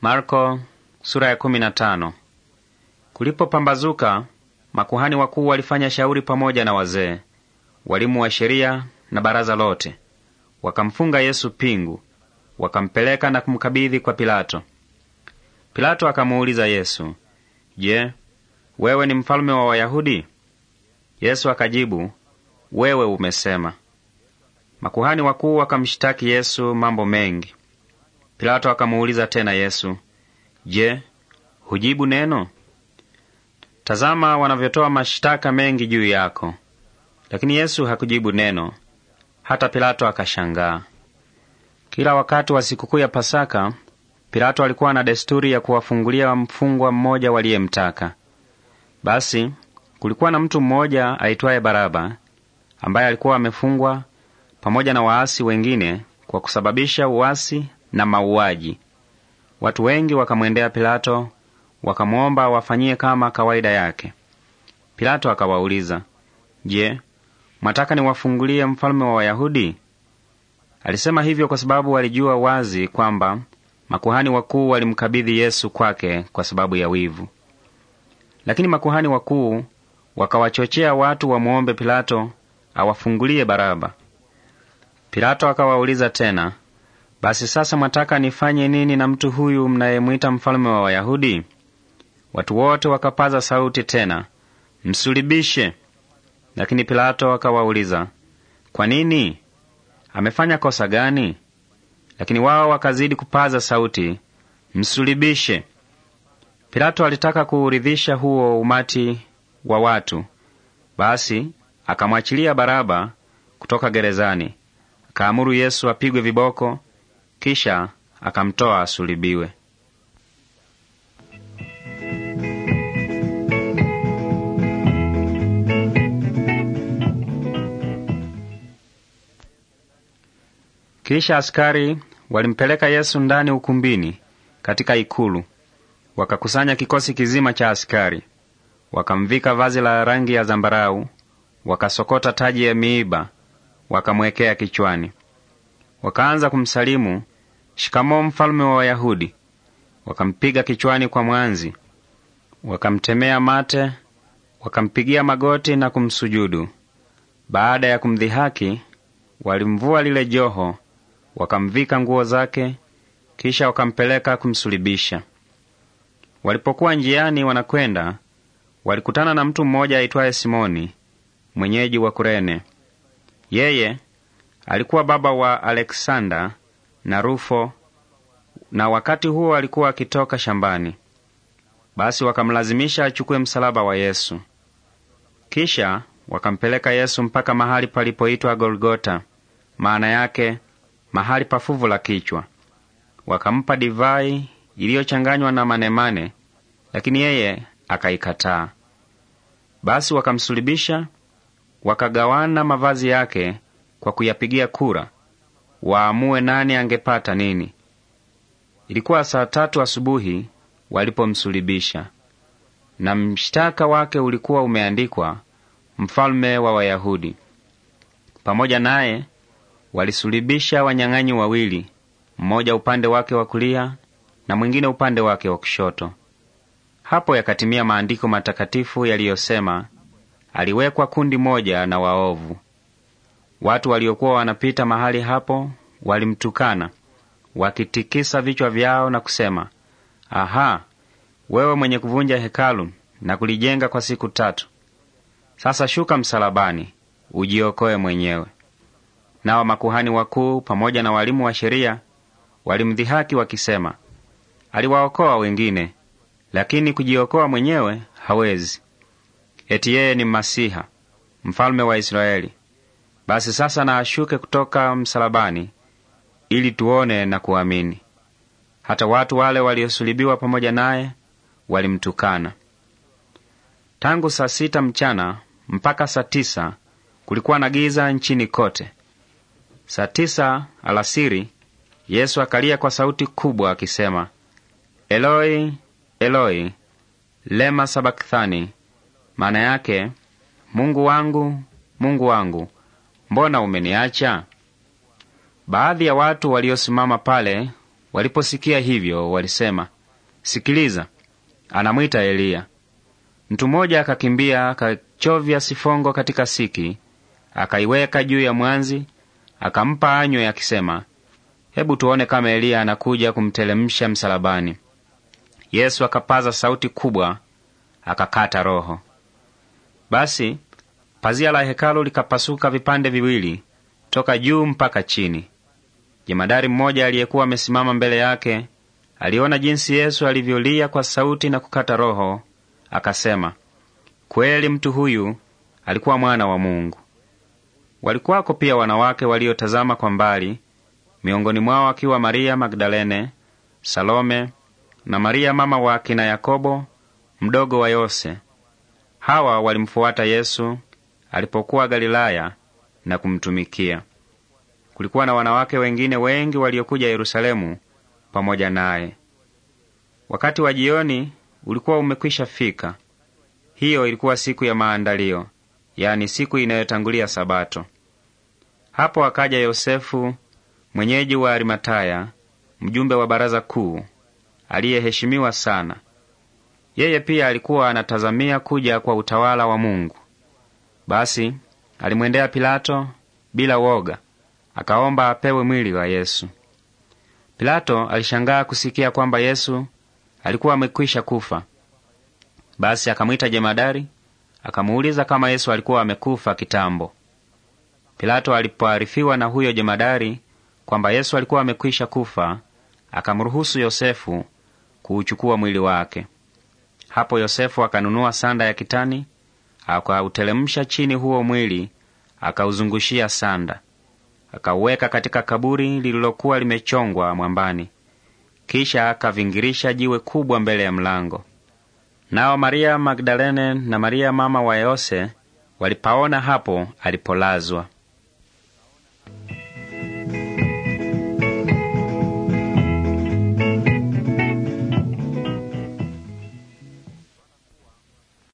Marko sura ya kumi na tano. makuhani wakuu walifanya shauri pamoja na wazee, walimu wa sheria na baraza lote, wakamfunga Yesu pingu, wakampeleka na kumkabidhi kwa Pilato. Pilato akamuuliza Yesu, Je, wewe ni mfalume wa Wayahudi? Yesu akajibu, wewe umesema. Makuhani wakuu wakamshitaki Yesu mambo mengi. Pilato akamuuliza tena Yesu, je, hujibu neno? Tazama wanavyotoa mashtaka mengi juu yako. Lakini Yesu hakujibu neno, hata Pilato akashangaa. Kila wakati wa sikukuu ya Pasaka, Pilato alikuwa na desturi ya kuwafungulia mfungwa mmoja waliyemtaka. Basi kulikuwa na mtu mmoja aitwaye Baraba ambaye alikuwa amefungwa pamoja na waasi wengine kwa kusababisha uasi na mauaji. Watu wengi wakamwendea Pilato wakamwomba wafanyie kama kawaida yake. Pilato akawauliza, Je, mwataka niwafungulie mfalme wa Wayahudi? Alisema hivyo kwa sababu walijua wazi kwamba makuhani wakuu walimkabidhi Yesu kwake kwa sababu ya wivu. Lakini makuhani wakuu wakawachochea watu wamwombe Pilato awafungulie Baraba. Pilato akawauliza tena, basi sasa mwataka nifanye nini na mtu huyu mnayemwita mfalme wa Wayahudi? Watu wote wakapaza sauti tena, msulibishe Lakini Pilato akawauliza, kwa nini? Amefanya kosa gani? Lakini wao wakazidi kupaza sauti, msulibishe Pilato alitaka kuuridhisha huo umati wa watu, basi akamwachilia Baraba kutoka gerezani, akaamuru Yesu apigwe viboko kisha akamtoa asulibiwe. Kisha askari walimpeleka Yesu ndani ukumbini katika ikulu, wakakusanya kikosi kizima cha askari, wakamvika vazi la rangi ya zambarau, wakasokota taji ya miiba, wakamwekea kichwani. Wakaanza kumsalimu, shikamoo mfalme wa Wayahudi. Wakampiga kichwani kwa mwanzi, wakamtemea mate, wakampigia magoti na kumsujudu. Baada ya kumdhihaki, walimvua lile joho, wakamvika nguo zake, kisha wakampeleka kumsulibisha. Walipokuwa njiani wanakwenda, walikutana na mtu mmoja aitwaye Simoni, mwenyeji wa Kurene. Yeye Alikuwa baba wa Aleksanda na Rufo, na wakati huo alikuwa akitoka shambani. Basi wakamlazimisha achukue msalaba wa Yesu. Kisha wakampeleka Yesu mpaka mahali palipoitwa Golgota, maana yake mahali pa fuvu la kichwa. Wakampa divai iliyochanganywa na manemane, lakini yeye akaikataa. Basi wakamsulubisha, wakagawana mavazi yake kwa kuyapigia kura waamue nani angepata nini. Ilikuwa saa tatu asubuhi walipomsulibisha, na mshtaka wake ulikuwa umeandikwa mfalme wa Wayahudi. Pamoja naye walisulibisha wanyang'anyi wawili, mmoja upande wake wa kulia na mwingine upande wake wa kushoto. Hapo yakatimia maandiko matakatifu yaliyosema, aliwekwa kundi moja na waovu. Watu waliokuwa wanapita mahali hapo walimtukana wakitikisa vichwa vyao na kusema, aha, wewe mwenye kuvunja hekalu na kulijenga kwa siku tatu, sasa shuka msalabani ujiokoe mwenyewe. Nao makuhani wakuu pamoja na walimu wa sheria walimdhihaki wakisema, aliwaokoa wengine, lakini kujiokoa mwenyewe hawezi. Eti yeye ni Masiha, mfalme wa Israeli. Basi sasa na ashuke kutoka msalabani, ili tuone na kuamini. Hata watu wale waliosulibiwa pamoja naye walimtukana. Tangu saa sita mchana mpaka saa tisa kulikuwa na giza nchini kote. Saa tisa alasiri Yesu akalia kwa sauti kubwa akisema, Eloi, Eloi, lema sabakthani, maana yake Mungu wangu, Mungu wangu, mbona umeniacha? Baadhi ya watu waliosimama pale waliposikia hivyo walisema, sikiliza, anamwita Eliya. Mtu mmoja akakimbia akachovya sifongo katika siki, akaiweka juu ya mwanzi, akampa anywe, akisema, hebu tuone kama Eliya anakuja kumtelemsha msalabani. Yesu akapaza sauti kubwa, akakata roho. Basi Pazia la hekalu likapasuka vipande viwili toka juu mpaka chini. Jemadari mmoja aliyekuwa amesimama mbele yake aliona jinsi Yesu alivyolia kwa sauti na kukata roho, akasema, kweli mtu huyu alikuwa mwana wa Mungu. Walikuwako pia wanawake waliotazama kwa mbali, miongoni mwao akiwa Maria Magdalene, Salome na Maria mama wa akina Yakobo mdogo wa Yose. Hawa walimfuata Yesu alipokuwa Galilaya na kumtumikia. Kulikuwa na wanawake wengine wengi waliokuja Yerusalemu pamoja naye. Wakati wa jioni ulikuwa umekwisha fika. Hiyo ilikuwa siku ya maandalio, yani siku inayotangulia Sabato. Hapo akaja Yosefu mwenyeji wa Arimataya, mjumbe wa baraza kuu, aliyeheshimiwa sana. Yeye pia alikuwa anatazamia kuja kwa utawala wa Mungu. Basi alimwendea Pilato bila woga, akaomba apewe mwili wa Yesu. Pilato alishangaa kusikia kwamba Yesu alikuwa amekwisha kufa. Basi akamwita jemadari, akamuuliza kama Yesu alikuwa amekufa kitambo. Pilato alipoarifiwa na huyo jemadari kwamba Yesu alikuwa amekwisha kufa, akamruhusu Yosefu kuuchukua mwili wake. Hapo Yosefu akanunua sanda ya kitani akautelemsha chini huo mwili, akauzungushia sanda, akauweka katika kaburi lililokuwa limechongwa mwambani. Kisha akavingirisha jiwe kubwa mbele ya mlango. Nao Maria Magdalene na Maria mama wa Yose walipaona hapo alipolazwa.